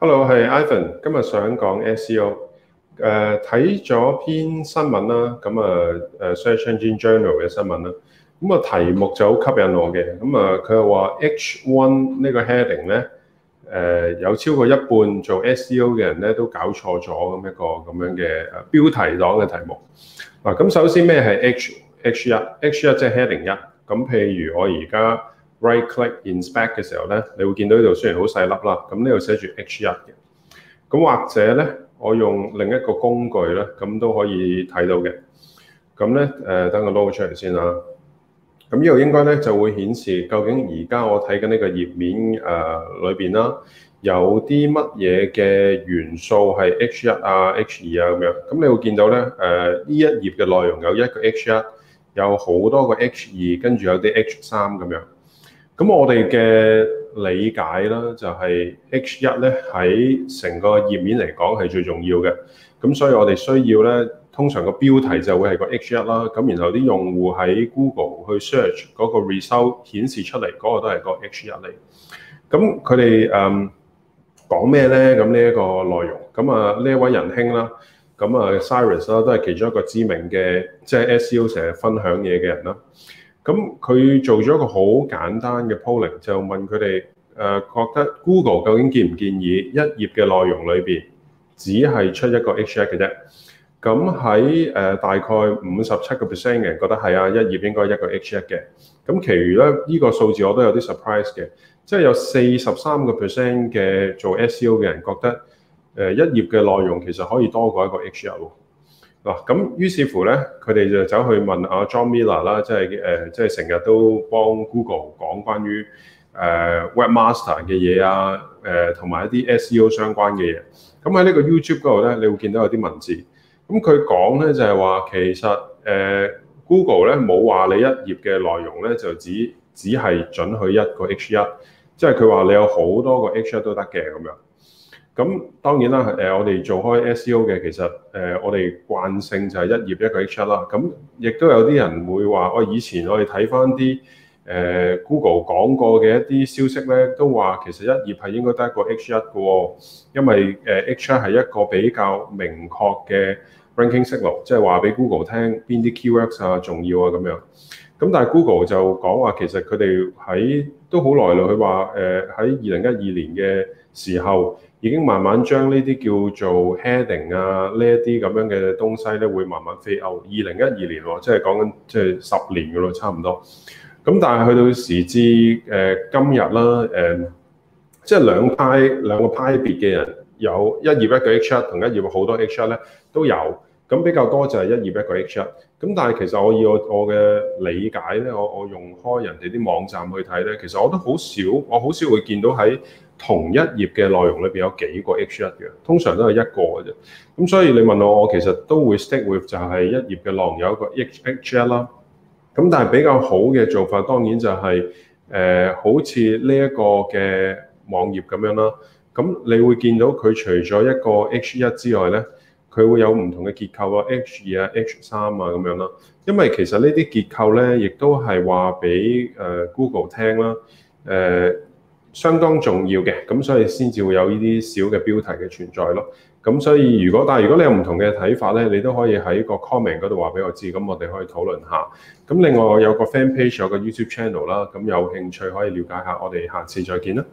Hello，我係 Ivan，今日想講 SEO，啊。誒睇咗篇新聞啦，咁啊誒 Search Engine Journal 嘅新聞啦。咁啊、這個、題目就好吸引我嘅。咁啊佢又話 H1 呢個 heading 咧，誒、啊、有超過一半做 SEO 嘅人咧都搞錯咗咁一個咁樣嘅標題黨嘅題目。嗱咁首先咩係 H H 一 H 一即係 heading 一。咁譬如我而家。Right click inspect 嘅時候咧，你會見到呢度雖然好細粒啦，咁呢度寫住 H 一嘅。咁或者咧，我用另一個工具咧，咁都可以睇到嘅。咁咧誒，等我 load 出嚟先啊。咁呢度應該咧就會顯示究竟而家我睇緊呢個頁面誒裏邊啦，呃、面有啲乜嘢嘅元素係 H 一啊、H 二啊咁樣。咁你會見到咧誒呢、呃、一頁嘅內容有一個 H 一，有好多個 H 二，跟住有啲 H 三咁樣。咁我哋嘅理解啦，就係、是、H 一咧喺成個頁面嚟講係最重要嘅。咁所以我哋需要咧，通常個標題就會係個 H 一啦。咁然後啲用戶喺 Google 去 search 嗰個 result、e、顯示出嚟，嗰、那個都係個 H 一嚟。咁佢哋誒講咩咧？咁呢一個內容。咁啊呢一位仁兄啦，咁啊 Cyrus 啦，都係其中一個知名嘅，即、就、係、是、SEO 成日分享嘢嘅人啦。咁佢做咗一個好簡單嘅 polling 就問佢哋誒覺得 Google 究竟建唔建議一頁嘅內容裏邊只係出一個 H1 嘅啫？咁喺誒大概五十七個 percent 嘅人覺得係啊，一頁應該一個 H1 嘅。咁其餘咧呢個數字我都有啲 surprise 嘅，即係有四十三個 percent 嘅做 SEO 嘅人覺得誒一頁嘅內容其實可以多過一個 H1 喎。嗱，咁於是乎咧，佢哋就走去問阿 John Mueller 啦、呃，即係誒，即係成日都幫 Google 講關於誒、呃、Webmaster 嘅嘢啊，誒同埋一啲 SEO 相關嘅嘢。咁喺呢個 YouTube 嗰度咧，你會見到有啲文字。咁佢講咧就係話，其實誒、呃、Google 咧冇話你一頁嘅內容咧就只只係準許一個 H 一，即係佢話你有好多個 H 一都得嘅咁樣。咁當然啦，誒、呃、我哋做開 SEO 嘅，其實誒、呃、我哋慣性就係一頁一個 H1 啦。咁亦都有啲人會話，我、呃、以前我哋睇翻啲誒 Google 講過嘅一啲消息咧，都話其實一頁係應該得一個 H1 嘅喎、喔，因為誒、呃、H1 係一個比較明確嘅 ranking signal，即係話俾 Google 聽邊啲 keywords 啊重要啊咁樣。咁但係 Google 就講話其實佢哋喺都好耐啦，佢話誒喺二零一二年嘅時候，已經慢慢將呢啲叫做 heading 啊，呢一啲咁樣嘅東西咧，會慢慢 fade out。二零一二年喎，即係講緊即係十年嘅咯，差唔多。咁但係去到時至誒、呃、今日啦，誒、呃、即係兩派兩個派別嘅人，有一頁一個 HR 同一頁好多 HR 咧都有。咁比較多就係一頁一個 H1，咁但係其實我以我我嘅理解咧，我我用開人哋啲網站去睇咧，其實我都好少，我好少會見到喺同一頁嘅內容裏邊有幾個 H1 嘅，通常都係一個嘅啫。咁所以你問我，我其實都會 stick with 就係一頁嘅內容有一個 H1 啦。咁但係比較好嘅做法，當然就係誒好似呢一個嘅網頁咁樣啦。咁你會見到佢除咗一個 H1 之外咧。佢會有唔同嘅結構啊，H 二啊、H 三啊咁樣咯。因為其實呢啲結構咧，亦都係話俾誒 Google 聽啦，誒、呃、相當重要嘅，咁所以先至會有呢啲小嘅標題嘅存在咯。咁所以如果，但係如果你有唔同嘅睇法咧，你都可以喺個 comment 嗰度話俾我知，咁我哋可以討論下。咁另外我有個 fan page，有個 YouTube channel 啦，咁有興趣可以了解下。我哋下次再見啦。